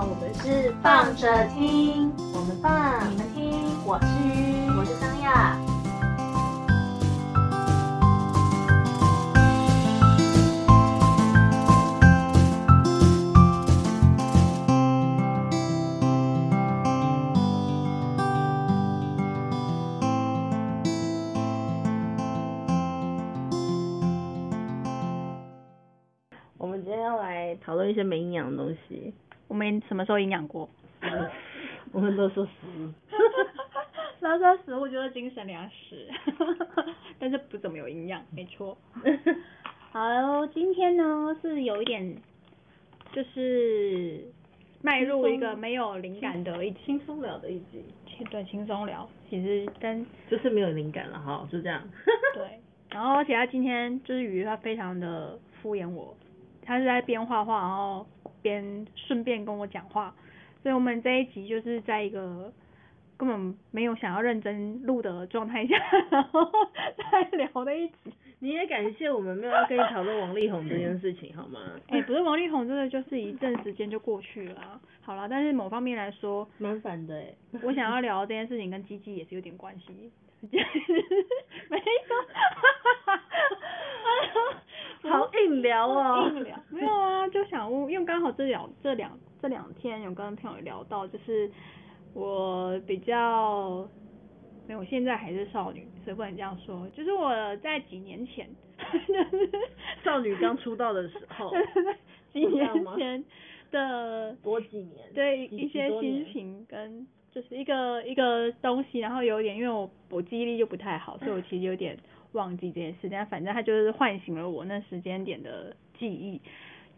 我們是放着聽，放着聽，我們放，你們聽。我是，我是 Sunya。我們今天要來討論一些沒營養的東西。我們什麼時候營養過？嗯、我們都是食。哈哈哈哈哈，那這食物就是精神糧食，哈哈哈哈，但是不怎麼有營養，沒錯。 好，今天呢是有一點，就是邁入一個沒有靈感的一輕鬆聊的一集，對，輕鬆聊。其實但就是沒有靈感了哈，就這樣。 對，然後而且他今天就是瑜，他非常的敷衍我，他是在邊畫畫然後。邊順便跟我講話，所以，我們這一集就是在一個根本沒有想要認真錄的狀態下，然後在聊的一集。你也感謝我們沒有要跟你討論王力宏這件事情，嗯、好嗎？哎、欸，不是，王力宏真的就是一陣時間就過去了、啊。好了，但是某方面來說，蠻煩的。我想要聊這件事情跟雞雞也是有點關係，沒有。 好硬聊、哦、好硬聊，沒有啊，就想，問，因為剛好這兩、這兩、 這兩天有跟朋友聊到，就是我比較，沒有，我現在還是少女，所以不能這樣說。就是我在幾年前， 少女剛出道的時候， 幾年前的，多幾年，對，幾幾多年？一些心情跟就是一個一個東西，然後有點，因為我我記憶力就不太好，所以我其實有點。 忘記這件事，但反正它就是喚醒了我那時間點的記憶。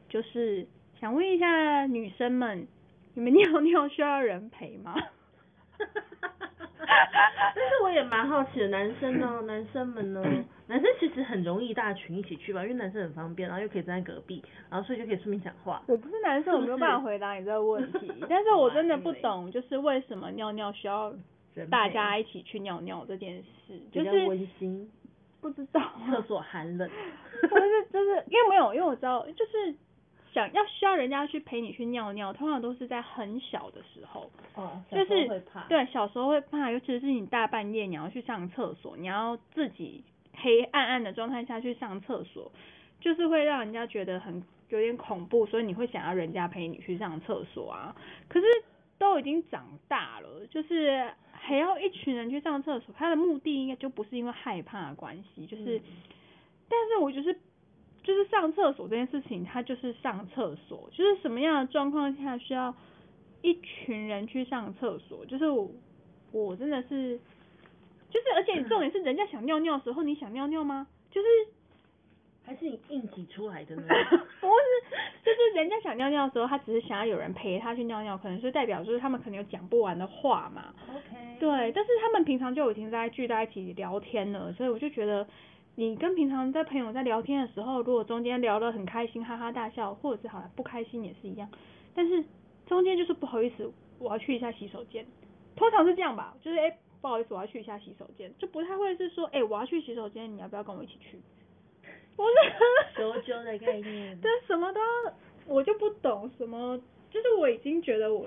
就是想問一下女生們，你們尿尿需要人陪嗎？ 但是我也蠻好奇的，男生呢、喔， 男生們呢，男生其實很容易大群一起去吧，因為男生很方便，然後又可以站在隔壁，然後所以就可以順便講話。我不是男生是不是，我沒有辦法回答你這個問題。但是我真的不懂，就是為什麼尿尿需要大家一起去尿尿這件事，就是溫馨。不知道啊，廁所寒冷，就 是就是因為沒有，因為我知道，就是想要需要人家去陪你去尿尿，通常都是在很小的時候，哦，就是對，小時候會怕，尤其是你大半夜你要去上廁所，你要自己黑暗暗的狀態下去上廁所，就是會讓人家覺得很有點恐怖，所以你會想要人家陪你去上廁所啊。可是都已經長大了，就是。還要一群人去上廁所，他的目的應該就不是因為害怕的關係，就是，嗯，但是我就是就是上廁所這件事情，他就是上廁所，就是什麼樣的狀況下需要一群人去上廁所，就是我我真的是，就是而且重點是，人家想尿尿的時候，你想尿尿嗎？就是。還是你硬擠出來的呢？不是，就是人家想尿尿的時候，他只是想要有人陪他去尿尿，可能是代表就是他們可能有講不完的話嘛。OK。對，但是他們平常就已經在聚在一起聊天了，所以我就覺得，你跟平常在朋友在聊天的時候，如果中間聊得很開心，哈哈大笑，或者是好像不開心也是一樣，但是中間就是不好意思，我要去一下洗手間，通常是這樣吧，就是哎、欸、不好意思我要去一下洗手間，就不太會是說哎、欸、我要去洗手間，你要不要跟我一起去？我是，羞羞的概念。但 什麼都我就不懂什麼，就是我已經覺得我，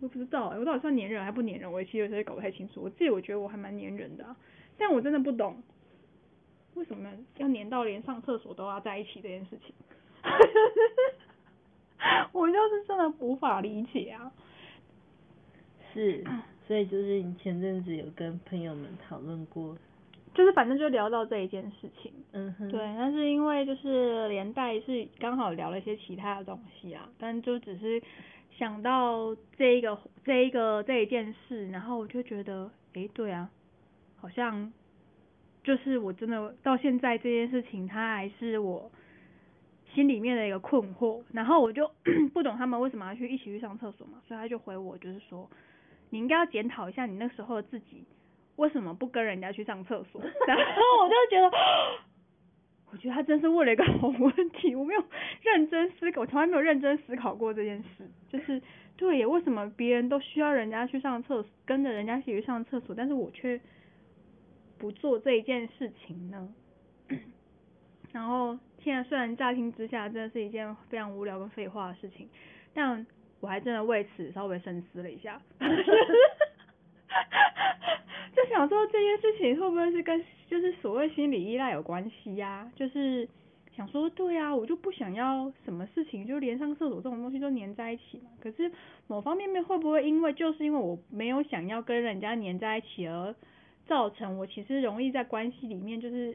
我不知道耶，我到底算粘人還不粘人，我其實有時候搞不太清楚。我自己我覺得我還蠻粘人的，啊，但我真的不懂，為什麼要粘到連上廁所都要在一起這件事情。 我就是真的無法理解啊。是，所以就是你前陣子有跟朋友們討論過。就是反正就聊到這一件事情，嗯哼，對，但是因為就是連帶是剛好聊了一些其他的東西啊，但就只是想到這一個這一個這一件事，然後我就覺得，誒，對啊，好像就是我真的到現在這件事情，它還是我心裡面的一個困惑，然後我就咳咳不懂他們為什麼要去一起去上廁所嘛，所以他就回我就是說，你應該要檢討一下你那時候的自己。為什麼不跟人家去上廁所？然後我就覺得，我覺得他真是問了一個好問題。我沒有認真思考，我從來沒有認真思考過這件事。就是，對，為什麼別人都需要人家去上廁所，跟着人家一起去上廁所，但是我卻不做這一件事情呢？然後現在雖然乍聽之下真的是一件非常無聊跟廢話的事情，但我還真的為此稍微深思了一下。 就想說這件事情會不會是跟就是所謂心理依賴有關係呀？就是想說，對呀，我就不想要什麼事情，就連上廁所這種東西都黏在一起嘛。可是某方面面會不會因為就是因為我沒有想要跟人家黏在一起而？造成我其實容易在關係裡面就是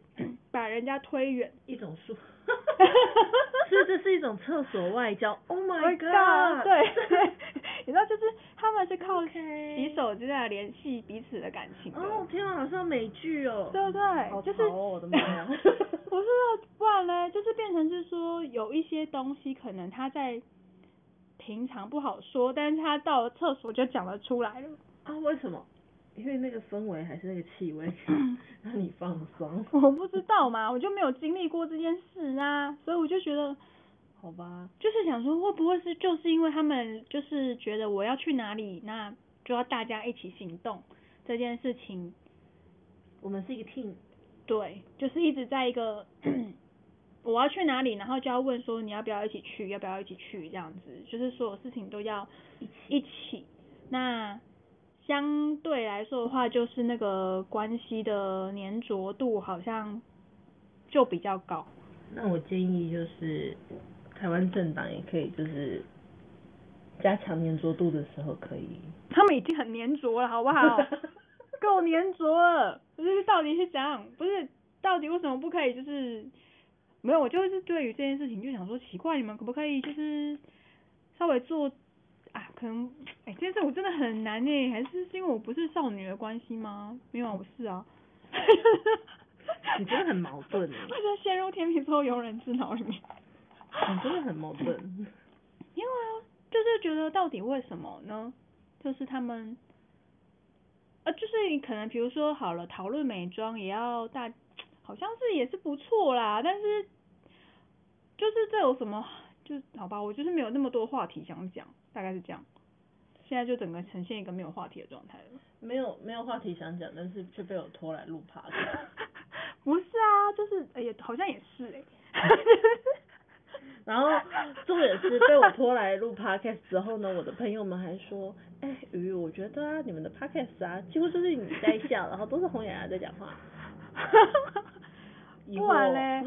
把人家推遠一種術，所 以這是一種廁所外交。Oh my god，, oh god 對， 你知道就是他們是靠洗手間聯繫彼此的感情的。哦、okay. oh,，天哪、啊，好像美劇哦、喔，對對，對、喔，就是。 我說不然呢就是變成是說有一些東西可能他在平常不好說，但是他到了廁所就講得出來了。啊？為什麼？因為那個氛圍還是那個氣味，讓 你放鬆鬆。我不知道嘛，我就沒有經歷過這件事啊，所以我就覺得，好吧，就是想說會不會是就是因為他們就是覺得我要去哪裡，那就要大家一起行動這件事情。我們是一個 team。對，就是一直在一個 我要去哪裡，然後就要問說你要不要一起去，要不要一起去這樣子，就是所有事情都要一起。那。相對來說的話，就是那個關係的粘着度好像就比較高。那我建議就是台灣政黨也可以就是加強粘着度的時候可以。他們已經很粘着了，好不好？夠粘着了。就是到底是怎樣？不是，到底為什麼不可以？就是沒有，我就是對於這件事情就想說，奇怪，你們可不可以就是稍微做。可能，哎、欸，這件我真的很難呢，還是是因為我不是少女的關係嗎？沒有，我不是啊。 你真的很矛盾。為什麼陷入甜蜜之後有，庸人自擾呢？你你真的很矛盾。因為啊，就是覺得到底為什麼呢？就是他們，呃，就是可能比如說好了，討論美妝也要大，好像是也是不錯啦，但是，就是這有什麼？就是好吧，我就是沒有那麼多話題想講。大概是這樣，現在就整個呈現一個沒有話題的狀態了。沒有沒有話題想講，但是卻被我拖來錄 podcast 不是啊，就是哎呀、欸，好像也是哎、欸。 然後重點是被我拖來錄 podcast 之後呢， 我的朋友們還說，哎、欸、魚，我覺得啊，你們的 podcast 啊，幾乎就是你在笑，然後都是紅眼啊在講話。 不啊嘞。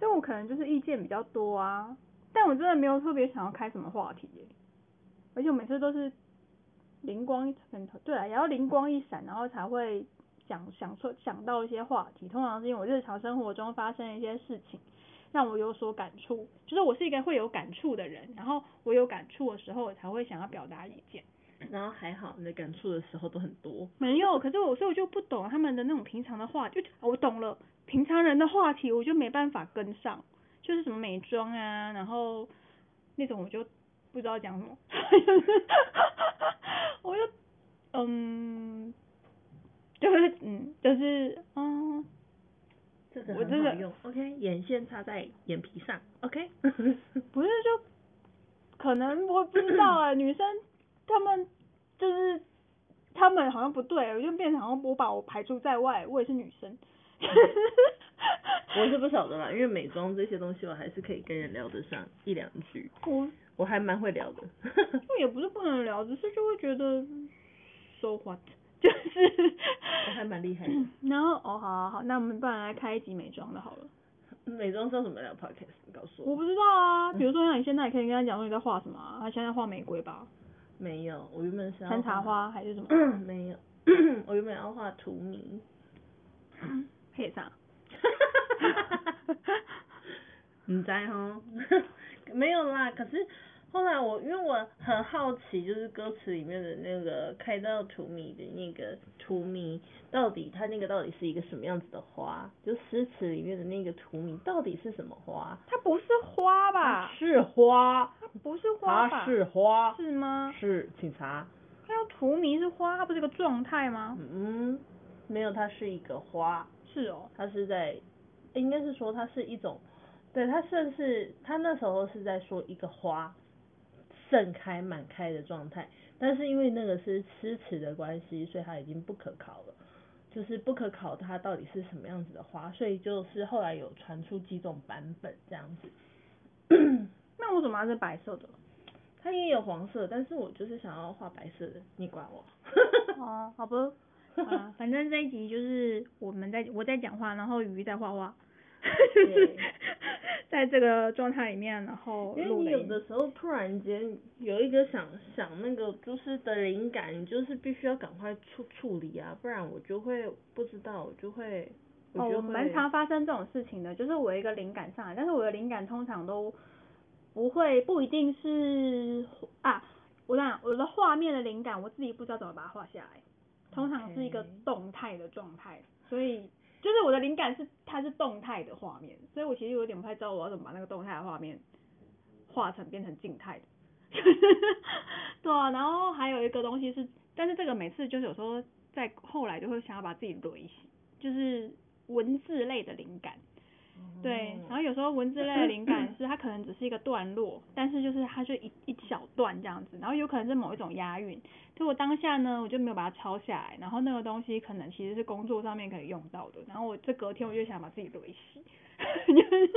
因 為我可能就是意見比較多啊。但我真的沒有特別想要開什麼話題耶，而且我每次都是靈光一，對啊，也要靈光一閃，然後才會想想說想到一些話題。通常是因為我日常生活中發生一些事情，讓我有所感觸，就是我是一個會有感觸的人，然後我有感觸的時候我才會想要表達意見。然後還好你的感觸的時候都很多，沒有，可是我，所以我就不懂他們的那種平常的話，就我懂了平常人的話題，我就沒辦法跟上。就是什麼美妝啊，然後那種我就不知道講什麼，哈哈哈我就嗯，就是嗯，就是嗯，這個、我真的用，OK，眼線擦在眼皮上，OK， 不是就可能我不知道啊、欸，女生她們就是她們好像不對、欸，我就變成好像我把我排除在外、欸，我也是女生。 我是不曉得啦，因為美妝這些東西我還是可以跟人聊得上一兩句，我我還蠻會聊的，那 也不是不能聊，只是就會覺得 so what，就是我、哦、還蠻厲害的。 然後哦，好啊好，那我們不然來開一集美妝的好了。美妝是要怎麼聊 podcast？你告訴我。我不知道啊，比如說像你現在也可以跟他講說你在畫什麼、啊，他現在畫玫瑰吧。沒有，我原本是要。山茶花還是什麼、啊？ 沒有， 我原本要畫荼蘼。 配 上 道，哈哈哈哈哈，哈哈，你在哈，沒有啦。可是後來我因為我很好奇，就是歌詞裡面的那個開到荼蘼的那個荼蘼，到底它那個到底是一個什麼樣子的花？就詩詞裡面的那個荼蘼到底是什麼花？它不是花吧？是花，它不是花吧？它是花，是嗎？是，警察。它要荼蘼是花，它不是個狀態嗎？嗯，沒有，它是一個花。是哦，他是在，欸、應該是說它是一種，對，它算是他那時候是在說一個花盛開滿開的狀態，但是因為那個是詩詞的關係，所以它已經不可考了，就是不可考它到底是什麼樣子的花，所以就是後來有傳出幾種版本這樣子。 那我怎麼還是白色的？它也有黃色，但是我就是想要畫白色的，你管我。 好啊、好不？啊、 uh,，反正這一集就是我們在，我在講話，然後瑜在畫畫。是、 yeah. 在這個狀態裡面，然後錄影，因為你有的時候突然間有一個想想那個就是的靈感，你就是必須要趕快處處理啊，不然我就會不知道，我就會哦，我蠻、oh, 常發生這種事情的，就是我一個靈感上來，但是我的靈感通常都不會不一定是啊，我講我的畫面的靈感，我自己不知道怎麼把它畫下來。通常是一個動態的狀態，欸，所以就是我的靈感是它是動態的畫面，所以我其實有點不太知道我要怎麼把那個動態的畫面畫成變成靜態的。 對啊，然後還有一個東西是，但是這個每次就是有時候在後來就會想要把自己懟死，就是文字類的靈感。對，然後有時候文字類的靈感是它可能只是一個段落， 但是就是它就一一小段這樣子，然後有可能是某一種押韻。所以我當下呢，我就沒有把它抄下來，然後那個東西可能其實是工作上面可以用到的。然後我這隔天我就想把自己壘起、 就是，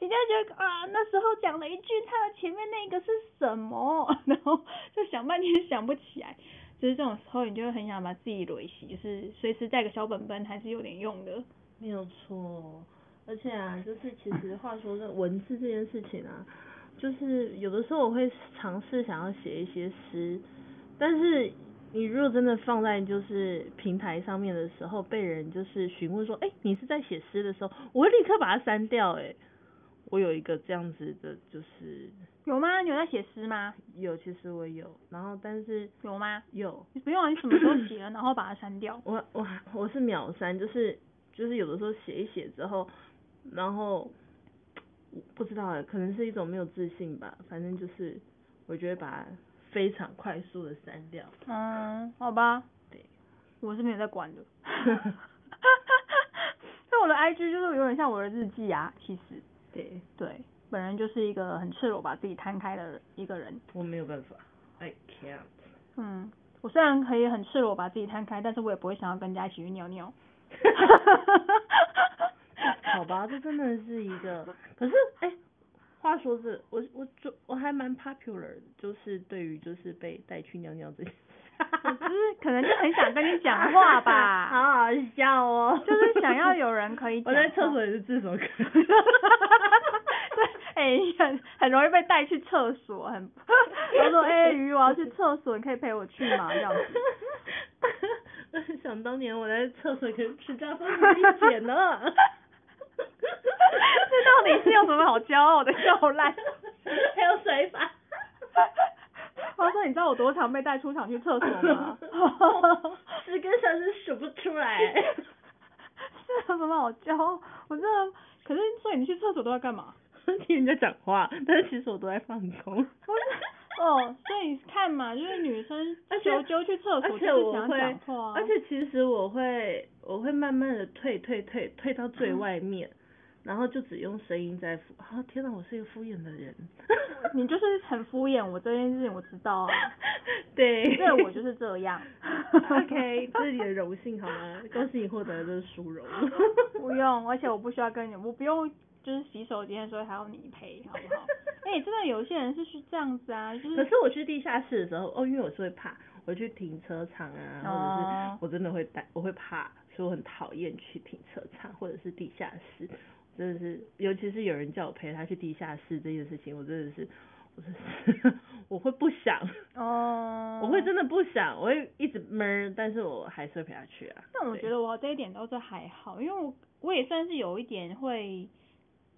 你就覺得啊，那時候講了一句，它的前面那個是什麼？ 然後就想半天想不起來，就是這種時候你就很想把自己壘起，就是隨時帶個小本本還是有點用的。沒有錯、哦。而且啊，就是其實話說這文字這件事情啊，就是有的時候我會嘗試想要寫一些詩，但是你如果真的放在就是平台上面的時候，被人就是詢問說，哎、欸，你是在寫詩的時候，我會立刻把它刪掉哎、欸。我有一個這樣子的，就是有嗎？你有在寫詩嗎？有，其實我有。然後但是有嗎？有。你不用，啊，你什麼時候寫了， 然後把它刪掉。我我我是秒刪，就是就是有的時候寫一寫之後。然後不知道，可能是一種沒有自信吧。反正就是，我覺得把它非常快速的刪掉。嗯，好吧。對，我是沒有在管的。哈哈哈哈哈哈！那我的 IG 就是有點像我的日記啊，其實。對。對，本人就是一個很赤裸把自己攤開的一個人。我沒有辦法。I can't。嗯，我雖然可以很赤裸把自己攤開，但是我也不會想要跟人家一起去尿尿。哈哈哈哈哈哈！好吧，這真的是一個，可是哎、欸，話說是我我我我還蠻 popular，的就是對於就是被帶去尿尿這些，我就是可能就很想跟你講話吧， 好好笑哦，就是想要有人可以。我在廁所也是這首歌。對、 欸，哎，很很容易被帶去廁所，很。我說哎、欸、瑜我要去廁所，你可以陪我去嗎？這樣子 想當年我在廁所跟吃炸方便麵撿這到底是有什麼好驕傲的？尿爛還有水法，我、哦、說，你知道我多常被帶出場去廁所嗎？十個小時數不出來， 是有什麼好驕傲？我真的，可是所以你去廁所都在幹嘛？ 聽人家講話，但是其實我都在放空。 哦，所以你看嘛，就是女生就就去廁所就是想、啊、而且我會而且其實我會我會慢慢的退退退退到最外面。嗯然後就只用聲音在敷衍，啊天哪，我是一個敷衍的人，你就是很敷衍我這件事情，我知道啊，對，對我就是這樣，OK，這是你的榮幸好嗎？恭 喜你獲得的是殊榮，不用，而且我不需要跟你，我不用就是洗手間的時候還要你陪，好不好？哎、 欸，真的有些人是去這樣子啊，就是可是我去地下室的時候，哦，因為我是會怕，我去停車場啊，嗯、或者是我真的會帶，我會怕，所以我很討厭去停車場或者是地下室。真的是，尤其是有人叫我陪他去地下室這件事情，我真的是，我真的是，我會不想哦，我會真的不想，我會一直悶，但是我還是會陪他去啊。但我覺得我這一點倒是還好，因為我我也算是有一點會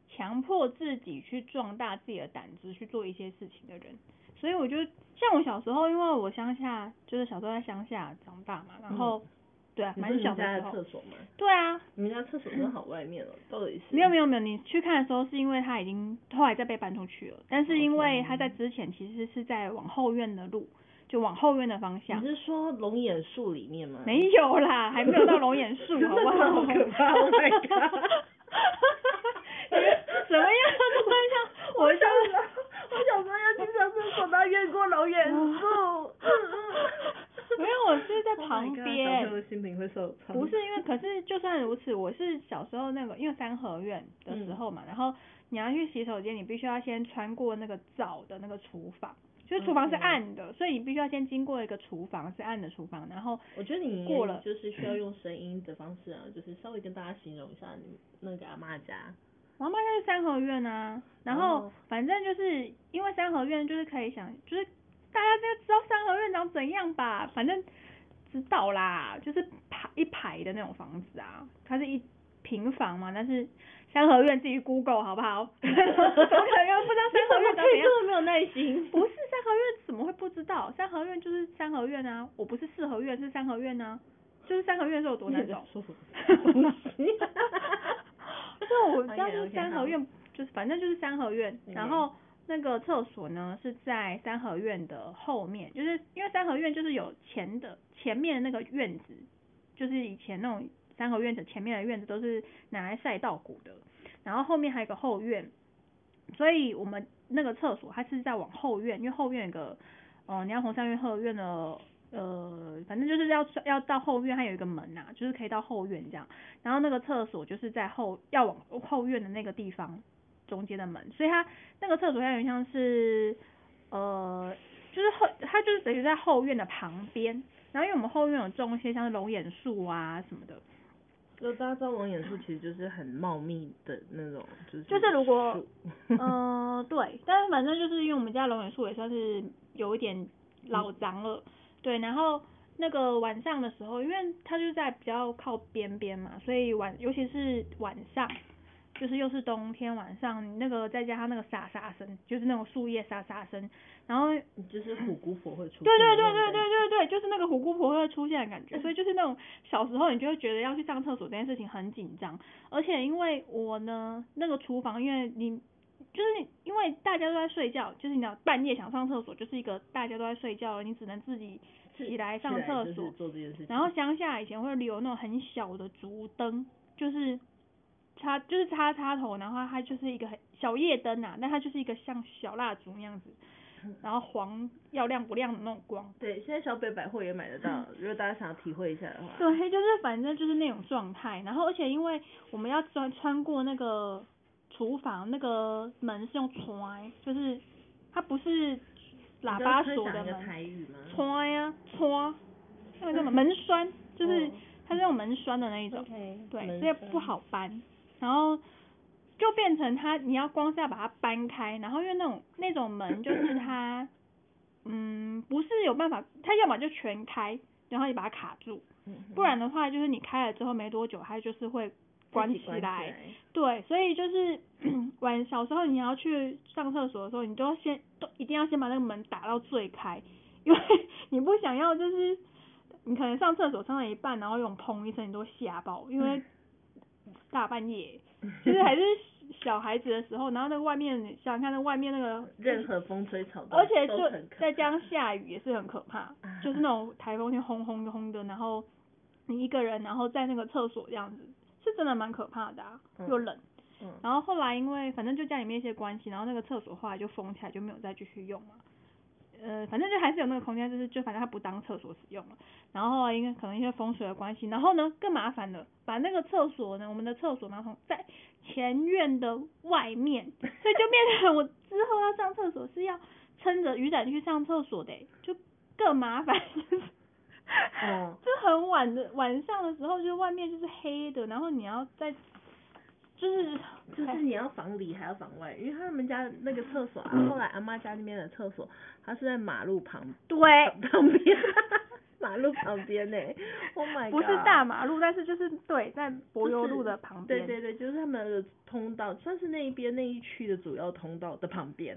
強迫自己去壯大自己的膽子去做一些事情的人，所以我就像我小時候，因為我鄉下就是小時候在鄉下長大嘛，嗯、然後。對啊，蠻小的，你是你們家的對啊，你們家廁所真的廁所嘛，對啊，你們家廁所真的好外面哦、喔、到底是？沒有沒有沒有，你去看的時候是因為他已經後來再被搬出去了，但是因為他在之前其實是在往後院的路，就往後院的方向。你是說龍眼樹裡面嗎？沒有啦，還沒有到龍眼樹好不好。 真的真好可怕！Oh my god！如此，我是小時候那個，因為三合院的時候嘛，嗯、然後你要去洗手間，你必須要先穿過那個灶的那個廚房、嗯，就是廚房是暗的，嗯、所以你必須要先經過一個廚房是暗的廚房，然後我覺得你過了就是需要用聲音的方式啊、嗯，就是稍微跟大家形容一下你那個阿嬤家，我阿嬤家是三合院啊，然後反正就是因為三合院就是可以想，就是大家都知道三合院長怎樣吧，反正。不知道啦，就是排一排的那種房子啊，它是一平房嘛，但是三合院自己 Google 好不好？三合院不知道三合院，可以這麼沒有耐心？不是三合院怎麼會不知道？三合院就是三合院啊，我不是四合院是三合院啊，就是三合院是有多難找？舒服。哈哈哈，那我就是三合院，就是反正就是三合院，然後那個廁所呢是在三合院的後面，就是因為三合院就是有錢的。前面的那個院子，就是以前那種三合院子，前面的院子都是拿來曬稻穀的。然後後面還有個後院，所以我們那個廁所它是在往後院，因為後院有個，哦、呃，你要從三院後院的，呃，反正就是要要到後院，它有一個門吶、啊，就是可以到後院這樣。然後那個廁所就是在後要往後院的那個地方中間的門，所以它那個廁所有點像是，呃，就是後它就是等於在後院的旁邊。然後因為我們後面有種一些像是龍眼樹啊什麼的，就大家知道龍眼樹其實就是很茂密的那種，就是就是如果，嗯、呃、對，但是反正就是因為我們家龍眼樹也算是有一點老長了、嗯，對，然後那個晚上的時候，因為它就在比較靠邊邊嘛，所以晚尤其是晚上，就是又是冬天晚上，你那個再加上那個沙沙聲，就是那種樹葉沙沙聲，然後就是虎姑婆會出。 對對對對對對對，就是那個虎姑婆會出現的感覺， 所以就是那種小時候你就會覺得要去上廁所這件事情很緊張，而且因為我呢那個廚房，因為你就是你因為大家都在睡覺，就是你要半夜想上廁所，就是一個大家都在睡覺，你只能自己起來上廁所做這件事情。然後鄉下以前會留那種很小的竹燈，就是。插就是插插頭，然後它就是一個很小夜燈啊，那它就是一個像小蠟燭那樣子，然後黃要亮不亮的那種光。對，現在小北百貨也買得到， 如果大家想要體會一下的話。對，就是反正就是那種狀態，然後而且因為我們要穿穿過那個廚房，那個門是用閂，就是它不是喇叭鎖的門，閂呀閂，那個叫什麼門栓，就是它是那種門栓的那一種，okay, 對，所以不好搬。然後就變成它，你要光是要把它搬開，然後因為那種那種門就是它， 嗯，不是有辦法，它要麼就全開，然後你把它卡住，不然的話就是你開了之後沒多久，它就是會關起來，來，對，所以就是玩小時候你要去上廁所的時候，你都要先都一定要先把那個門打到最開，因為你不想要就是你可能上廁所上到一半，然後用砰一聲，你都嚇爆，因為。 大半夜， 其實還是小孩子的時候，然後那個外面，想想看那外面那個，任何風吹草動、嗯，而且就在這樣下雨也是很可怕， 就是那種颱風天轟轟轟的，然後你一個人，然後在那個廁所這樣子，是真的蠻可怕的啊、嗯，又冷，然後後來因為反正就家裡面一些關係，然後那個廁所後來就封起來，就沒有再繼續用了、啊。反正就還是有那個空間，就是就反正它不當廁所使用了。然後應該可能因為風水的關係，然後呢更麻煩了，把那個廁所呢，我們的廁所馬桶在前院的外面，所以就變成我之後要上廁所是要撐着雨傘去上廁所的，就更麻煩。嗯， 就很晚的晚上的時候，就外面就是黑的，然後你要在。就是就是你要防裡還要防外，因為他們家那個廁所啊、嗯，後來阿媽家那邊的廁所，它是在馬路旁對旁邊， 馬路旁邊呢、欸，我、oh、買，不是大馬路，但是就是對，在柏油路的旁邊、就是，對對對，就是他們的通道，算是那一邊那一區的主要通道的旁邊，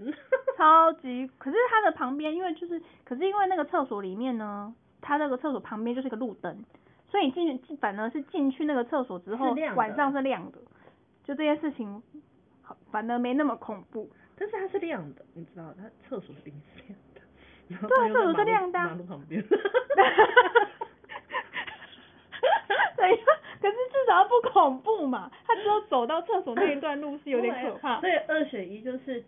超級，可是它的旁邊，因為就是，可是因為那個廁所裡面呢，它那個廁所旁邊就是個路燈，所以進反而是進去那個廁所之後是亮的，晚上是亮的。就這件事情，好，反而沒那麼恐怖。但是它是亮的，你知道它廁所的燈是亮的。對、啊，廁所是亮的、啊。等一下，可是至少不恐怖嘛。他只有走到廁所那一段路是有點可怕。 所以二選一就是，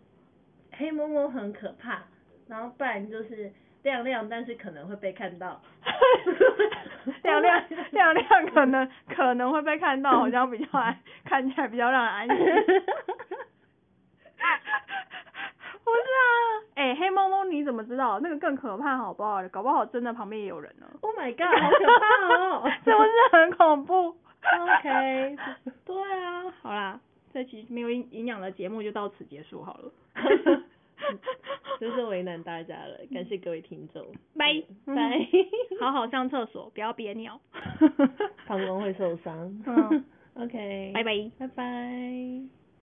黑蒙蒙很可怕，然後不然就是。亮亮，但是可能會被看到。 亮亮，亮亮，可能 可能會被看到，好像比較安 看起來比較讓人安心。不是啊，哎、欸，黑蒙蒙你怎麼知道？那個更可怕好不好？搞不好真的旁邊也有人呢。Oh my god，好可怕哦！ 是不是很恐怖？OK，對啊， 好啦，這期沒有營養的節目就到此結束好了。 就是為難大家了，感謝各位聽眾，拜、嗯、拜，bye. Yeah. Bye. 好好上廁所，不要憋尿，哈哈，膀胱會受傷、oh.，OK，拜拜，拜拜。